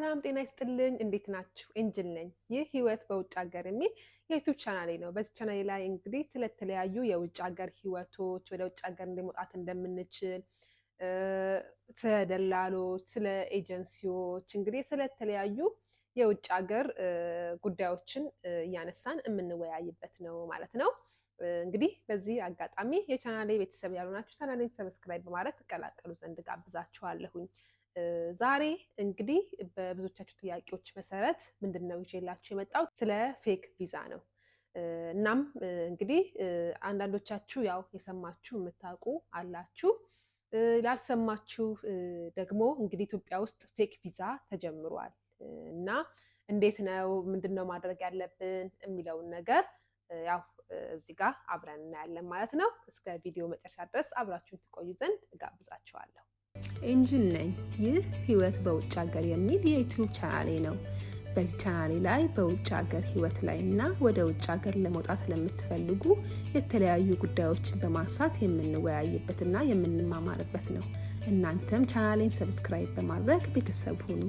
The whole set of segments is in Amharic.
ሰላም ጤና ይስጥልኝ። እንዴት ናችሁ? ኤንጅል ነኝ። ይህ ህይወት በውጭ ሀገር የሚል የዩቱብ ቻናሌ ነው። በዚህ ቻናሌ ላይ እንግዲህ ስለተለያዩ የውጭ ሀገር ህይወቶች፣ ወደ ውጭ ሀገር እንደመውጣት እንደምንችል፣ ስለ ደላሎች፣ ስለ ኤጀንሲዎች፣ እንግዲህ ስለተለያዩ የውጭ ሀገር ጉዳዮችን እያነሳን የምንወያይበት ነው ማለት ነው። እንግዲህ በዚህ አጋጣሚ የቻናሌ ቤተሰብ ያልሆናችሁ ቻናሌን ሰብስክራይብ በማድረግ ትቀላቀሉ ዘንድ ጋብዛችኋለሁኝ። ዛሬ እንግዲህ በብዙዎቻችሁ ጥያቄዎች መሰረት ምንድን ነው ይዤላችሁ የመጣሁት ስለ ፌክ ቪዛ ነው። እናም እንግዲህ አንዳንዶቻችሁ ያው የሰማችሁ የምታውቁ አላችሁ፣ ላልሰማችሁ ደግሞ እንግዲህ ኢትዮጵያ ውስጥ ፌክ ቪዛ ተጀምሯል እና እንዴት ነው ምንድን ነው ማድረግ ያለብን የሚለውን ነገር ያው እዚህ ጋር አብረን እናያለን ማለት ነው። እስከ ቪዲዮ መጨረሻ ድረስ አብራችሁን ትቆዩ ዘንድ እጋብዛችኋለሁ። ኢንጂን ነኝ። ይህ ህይወት በውጭ ሀገር የሚል የዩቲዩብ ቻናሌ ነው። በዚህ ቻናሌ ላይ በውጭ ሀገር ህይወት ላይ እና ወደ ውጭ ሀገር ለመውጣት ለምትፈልጉ የተለያዩ ጉዳዮችን በማንሳት የምንወያይበትና የምንማማርበት ነው። እናንተም ቻናሌን ሰብስክራይብ በማድረግ ቤተሰብ ሁኑ።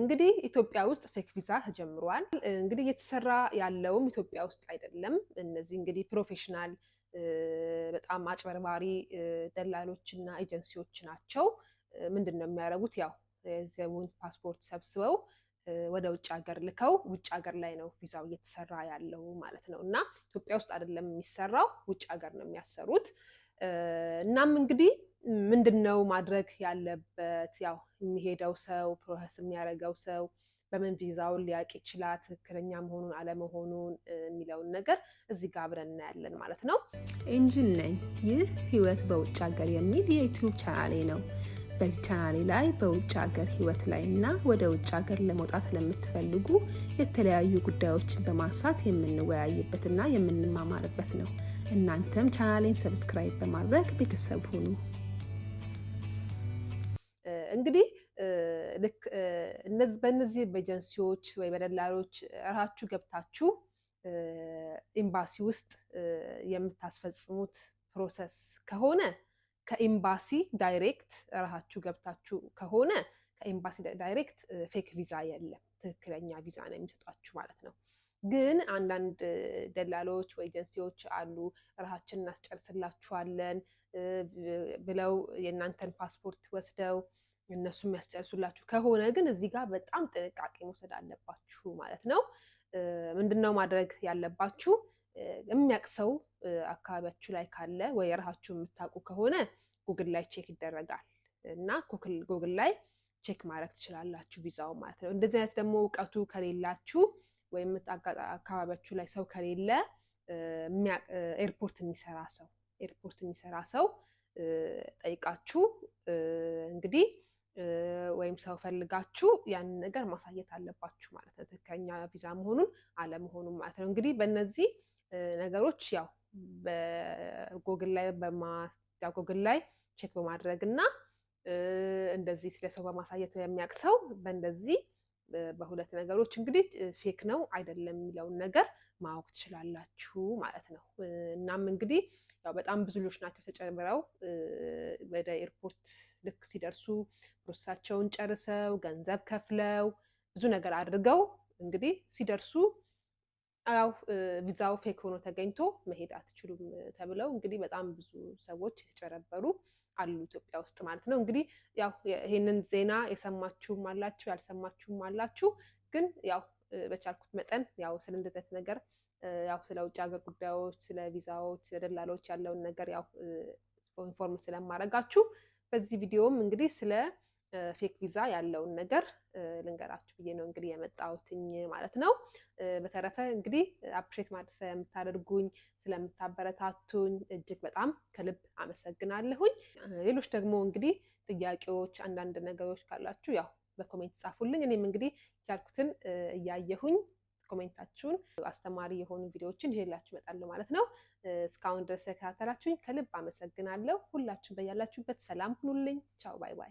እንግዲህ ኢትዮጵያ ውስጥ ፌክ ቪዛ ተጀምሯል። እንግዲህ እየተሰራ ያለውም ኢትዮጵያ ውስጥ አይደለም። እነዚህ እንግዲህ ፕሮፌሽናል በጣም አጭበርባሪ ደላሎች እና ኤጀንሲዎች ናቸው። ምንድን ነው የሚያደርጉት? ያው የዜጎን ፓስፖርት ሰብስበው ወደ ውጭ ሀገር ልከው ውጭ ሀገር ላይ ነው ቪዛው እየተሰራ ያለው ማለት ነው። እና ኢትዮጵያ ውስጥ አይደለም የሚሰራው ውጭ ሀገር ነው የሚያሰሩት። እናም እንግዲህ ምንድን ነው ማድረግ ያለበት? ያው የሚሄደው ሰው ፕሮሰስ የሚያደርገው ሰው በምን ቪዛውን ሊያውቅ ይችላል፣ ትክክለኛ መሆኑን አለመሆኑን የሚለውን ነገር እዚህ ጋር አብረን እናያለን ማለት ነው። ኢንጂን ነኝ። ይህ ህይወት በውጭ ሀገር የሚል የዩትዩብ ቻናሌ ነው። በዚህ ቻናሌ ላይ በውጭ ሀገር ህይወት ላይ እና ወደ ውጭ ሀገር ለመውጣት ለምትፈልጉ የተለያዩ ጉዳዮችን በማንሳት የምንወያይበትና የምንማማርበት ነው። እናንተም ቻናሌን ሰብስክራይብ በማድረግ ቤተሰብ ሁኑ። እንግዲህ ልክ በእነዚህ ኤጀንሲዎች ወይ በደላሎች እራችሁ ገብታችሁ ኤምባሲ ውስጥ የምታስፈጽሙት ፕሮሰስ ከሆነ ከኤምባሲ ዳይሬክት እራችሁ ገብታችሁ ከሆነ ከኤምባሲ ዳይሬክት ፌክ ቪዛ የለም፣ ትክክለኛ ቪዛ ነው የሚሰጧችሁ ማለት ነው። ግን አንዳንድ ደላሎች ወይ ኤጀንሲዎች አሉ እራችን እናስጨርስላችኋለን ብለው የእናንተን ፓስፖርት ወስደው እነሱ የሚያስጨርሱላችሁ ከሆነ ግን እዚህ ጋር በጣም ጥንቃቄ መውሰድ አለባችሁ ማለት ነው። ምንድነው ማድረግ ያለባችሁ? የሚያቅ ሰው አካባቢያችሁ ላይ ካለ ወይ ራሳችሁ የምታውቁ ከሆነ ጉግል ላይ ቼክ ይደረጋል እና ጉግል ላይ ቼክ ማድረግ ትችላላችሁ ቪዛው ማለት ነው። እንደዚህ አይነት ደግሞ እውቀቱ ከሌላችሁ ወይም አካባቢያችሁ ላይ ሰው ከሌለ ኤርፖርት የሚሰራ ሰው ኤርፖርት የሚሰራ ሰው ጠይቃችሁ እንግዲህ ወይም ሰው ፈልጋችሁ ያንን ነገር ማሳየት አለባችሁ ማለት ነው። ትክክለኛ ቪዛ መሆኑን አለመሆኑን ማለት ነው። እንግዲህ በእነዚህ ነገሮች ያው በጎግል ላይ ጎግል ላይ ቼክ በማድረግ እና እንደዚህ ስለ ሰው በማሳየት የሚያውቅ ሰው በእንደዚህ በሁለት ነገሮች እንግዲህ ፌክ ነው አይደለም የሚለውን ነገር ማወቅ ትችላላችሁ ማለት ነው። እናም እንግዲህ ያው በጣም ብዙ ልጆች ናቸው ተጨምረው ወደ ኤርፖርት ልክ ሲደርሱ ፕሮሰሳቸውን ጨርሰው ገንዘብ ከፍለው ብዙ ነገር አድርገው እንግዲህ ሲደርሱ ያው ቪዛው ፌክ ሆኖ ተገኝቶ መሄድ አትችሉም ተብለው እንግዲህ በጣም ብዙ ሰዎች የተጨረበሩ አሉ ኢትዮጵያ ውስጥ ማለት ነው። እንግዲህ ያው ይህንን ዜና የሰማችሁም አላችሁ ያልሰማችሁም አላችሁ። ግን ያው በቻልኩት መጠን ያው ስለ እንደዚህ ነገር ያው ስለ ውጭ ሀገር ጉዳዮች፣ ስለ ቪዛዎች፣ ስለ ደላሎች ያለውን ነገር ያው ኢንፎርም ስለማረጋችሁ በዚህ ቪዲዮም እንግዲህ ስለ ፌክ ቪዛ ያለውን ነገር ልንገራችሁ ብዬ ነው እንግዲህ የመጣሁትኝ ማለት ነው። በተረፈ እንግዲህ አፕሬት ማድረግ የምታደርጉኝ ስለምታበረታቱኝ እጅግ በጣም ከልብ አመሰግናለሁኝ። ሌሎች ደግሞ እንግዲህ ጥያቄዎች፣ አንዳንድ ነገሮች ካላችሁ ያው በኮሜንት ጻፉልኝ። እኔም እንግዲህ ቻልኩትን እያየሁኝ ኮሜንታችሁን አስተማሪ የሆኑ ቪዲዮዎችን ይዤላችሁ እመጣለሁ ማለት ነው። እስካሁን ድረስ ተከታተላችሁኝ ከልብ አመሰግናለሁ። ሁላችሁም በያላችሁበት ሰላም ሁኑልኝ። ቻው ባይ ባይ።